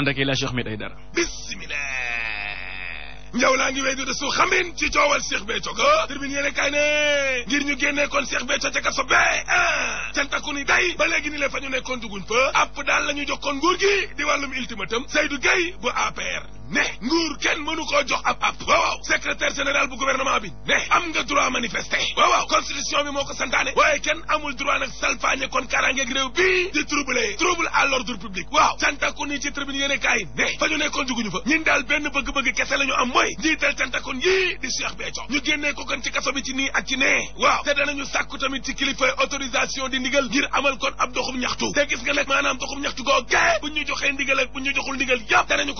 ànd ak El Hadj Ahmed Aidara njaw laa ngi wéy di desu xamin ci coowal Cheikh Béthio ga tribune yéene kay ne ngir ñu génnee koon Cheikh Béthio ca kaso be ah cantaku ni day ba léegi ni le fa ñu nekkoon duguñ fa app daal la ñu jokkoon nguur gi di wàllum ultimatum Seydou Gueye bu APR ne nguur kenn mënu ko jox ab ab waaw secrétaire général bu gouvernement bi ne am nga droit manifester waaw constitution bi moo ko santaane waaye kenn amul droit nag salfaañe kon karangeeg réew bii di trouble trouble à l'ordre public waaw cantakun yi ci tribune yéene kaay ne fa ñu nekkoon juguñu fa ñun daal benn bëgg-bëgg kese la ñu am mooy njiital cantakun yii di Cheikh Béthio ñu génnee ko kon ci kaso bi ci nii ak ci nee waaw te danañu sàkku tamit ci di ndigal amal kon ab doxum ñaxtu te gis nga nag maanaam doxum ñaxtu goo ñu joxee ndigal ak bu ñu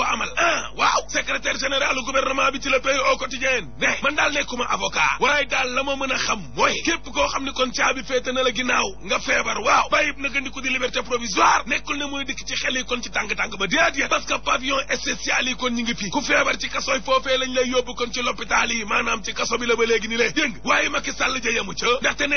amal ah waaw secrétaire général gouvernement bi ci la pays au quotidien ne man daal nekkuma avocat waaye daal la ma mën a xam mooy képp koo xam ne kon caabi féete na la ginnaaw nga feebar waaw bàyyib na gandiku di liberté provisoire nekkul ne mooy dikk ci xel yi kon ci tàng-tàng ba déedéet parce que pavillon spécial kon ñi ngi fi ku feebar ci kasoy foofee lañ lay yóbbu kon ci l'hôpital yi maanaam ci kaso bi la ba léegi ni le yëng waaye Macky Sall ja yamu ca ndaxte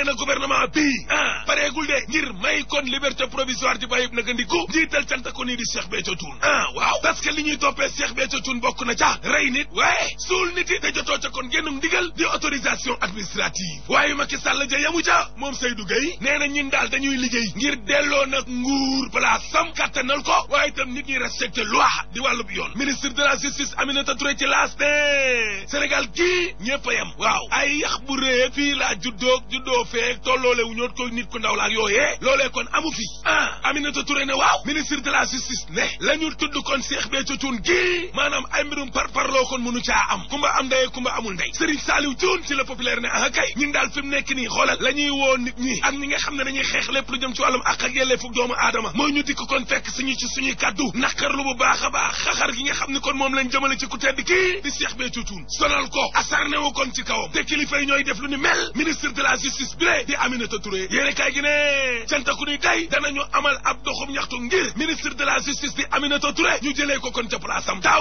ah, kon liberté provisoire di bàyyib na ko nii di Cheikh Béthio Thioune ah waaw parce que ca cun bokk na ca rey nit waaye suul nit yi te jotoo ca kon génnum ndigal di autorisation administrative waaye Macky Sall ja yamu ca moom Seydou Gueye nee na ñun daal dañuy liggéey ngir delloo nag nguur place sam kàttanal ko waaye itam nit ñi respecté loi di wàll wàllub yoon ministre de la justice Aminata Touré ci laas ne Sénégal kii ñëpp a yem waaw ay yax bu rëy fii laa juddoo juddoo feek tolloole wu ñoot koy nit ku ndaw la ak yooyee loolee kon amu fi ah Aminata Touré ne waaw ministre de la justice ne la ñu maanaam ay mbirum par parloo kon mënu caa am kumba am ndey kumba amul ndey Serigne Saliou Thioune ci le populaire ne ah kay ñun daal fi nekk nii xoolal la ñuy woo nit ñi ak ñi nga xam ne dañuy xeex lépp lu jëm ci wàllum ak ak yelleefu doomu aadama mooy ñu dikk kon fekk suñu ci suñuy kaddu naqarlu bu baax a baax xaxar gi nga xam ne kon moom lañ jëmale ci ku tedd kii di Cheikh Béthio Thioune sonal ko asarne kon ci kawam te kilifa yi ñooy def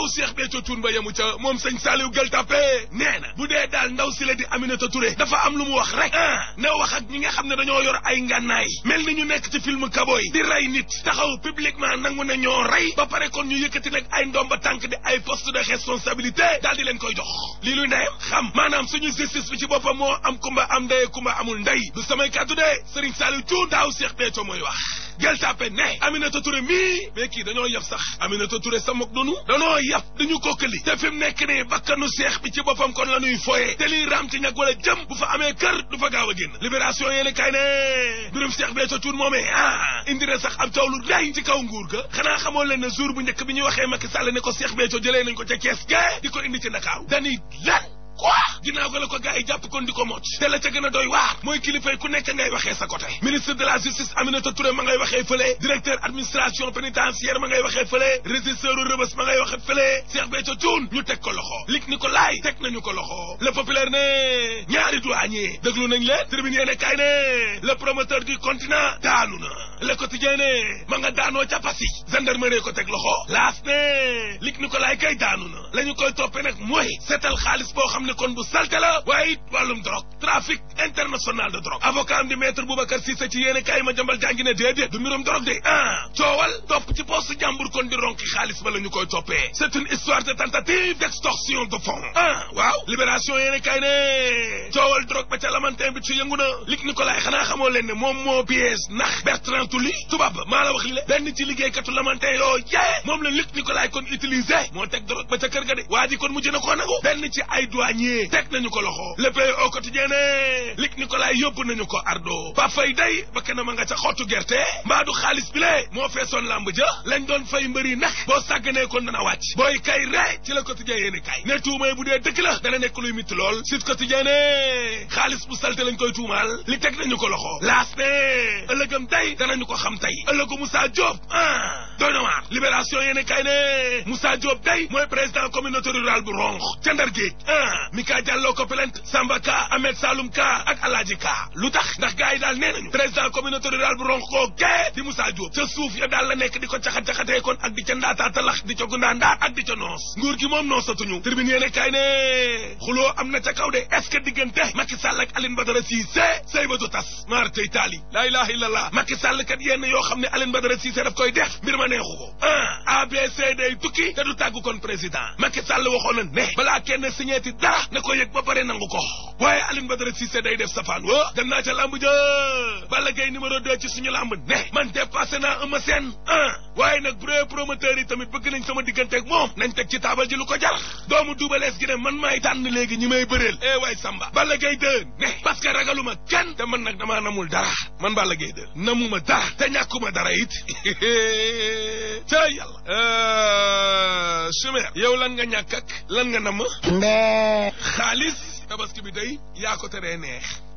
waxu Cheikh Béthio Thioune ba yemu ca moom sëñ Saliou Gueule Tapée nee na bu dee daal ndaw si la di Aminata Touré dafa am lu mu wax rek ah ne wax ak ñi nga xam ne dañoo yor ay ngànnaay mel ni ñu nekk ci film Kaboy di rey nit taxaw publiquement nangu ne ñoo rey ba pare kon ñu yëkkati nag ay ndomba tànk di ay poste de responsabilité daal di leen koy jox lii luy ndeyam xam maanaam suñu justice bi ci boppa moo am kumba am day kumba amul ndey du samay kàddu de Serigne Saliou Thioune daaw Cheikh Béthio mooy wax Gueule Tapée ne Aminata Touré mii mais kii dañoo yaf sax Aminata Touré samok donu dañoo yaf dañu kokkali te fi mu nekk nii bakkanu seex bi ci boppam kon la ñuy foyee te liy raam ci ñag wala jëm bu fa amee kër fa gaaw a génn libération yéene kay ne mbirum seex Béthio Thioune moomee ah, indi na sax am coow lu day ci kaw nguur ga xanaa xamoo leen ne jour bu njëkk bi ñuy waxee Macky Sall ne ko seex Béthio jëlee nañ ko ca Thiès ga di ko indi ci Ndakaaru dañuy lan quoi ginnaaw ga la ko gars jàpp kon di ko mocc te la ca gën a doy waar mooy kilifay ku nekk ngay waxee sa côté ministre de la justice Aminata Touré ma ngay waxee fële directeur administration pénitentiaire ma ngay waxee fële régisseur rëbës ma ngay waxee fële Cheikh Béthio Thioune ñu teg ko loxo lig ni ko laay teg nañu ko loxo le populaire ne ñaari douanier déglu nañ leen tribune yéene kaay ne le promoteur du continent daanu na le quotidien ne ma nga daanoo ca Passy gendarmerie ko teg loxo laas ne lig Nicolas kay daanu na la ñu koy toppee nag mooy seetal xaalis boo xam ne kon bu salte la waaye it wàllum drogue trafic international de drogue avocat am di maître Boubacar Cissé ci yéene kaay ma jambal jàngi ne déedéet du mbirum drogue de ah coowal topp ci poste jàmbur kon di ronki xaalis ba la ñu koy toppee c'est une histoire de tentative d'extorsion de fonds ah waaw libération yéene kaay ne coowal drogue ba ca lamantin bi ci yëngu na moo tulli tubaab maa la wax li le benn ci liggéeykatu lamantin yoo jaye moom la Luc Nicolaï kon utilisé moo teg drogue ba ca kër ga de waa ji kon mujj na koo nangu benn ci ay douanier teg nañu ko loxo le pays au quotidien ne Luc Nicolaï yóbbu nañu ko ardo ba fay day ba kenn ma nga ca xottu gerte mbaa du xaalis bi le moo feesoon làmb ja lañ doon fay mbëri nag boo sàgganee kon dana wàcc booy kay re ci la quotidien yéeni kay ne tuumay bu dee dëgg la dana nekk luy mitt lool sud quotidien ne xaalis bu salte lañ koy tuumaal li teg nañu ko loxo laas ne ëllëgam day dana nu ko xam tey ëllëgu Moussa Diop ah doy na waar libération yéen kay ne Moussa Diop day mooy président communauté rurale bu Ronkh ca Ndar géej ah mi kaa jàlloo ko Samba Ka Ahmed Saloum Ka ak Alaaji Ka lu tax ndax gars daal nee nañu président communauté rurale bu Ronkh koo gee di Moussa Diop ca suuf ya daal la nekk di ko caxat-caxatee kon ak di ca ndaataatalax di ko gundaa ndaat ak di ca noos nguur gi moom noosatuñu tribune yéen kay xuloo am na ca kaw de que diggante Macky Sall ak Aline Badara Cissé sëy ba du tas kat yenn yoo xam ne Alioune Badara Cissé daf koy def mbir ma neexu ko ah ABC day tukki te du tàggu kon président Macky Sall waxoon na ne balaa kenn signeeti dara na ko yëg ba pare nangu ko waaye Alioune Badara Cissé day def safaan wa dem naa ca làmb jë Balla Gaye numéro 2 ci suñu làmb ne man dépassé naa Eumeu Sène ah waaye nag bu promoteur yi tamit bëgg nañ sama diggante ak moom nañ teg ci taabal ji lu ko jar doomu duubalees gi ne man maay tànn léegi ñi may bëreel eh waay Samba Balla Gaye 2 ne parce que ragaluma kenn te man nag damaa namul dara man Balla Gaye 2 namuma ah te ñàkkuma dara it ca yàlla euh, chumère yow lan nga ñàkk ak lan nga namm xaalis tabaski bi day yaa ko teree neex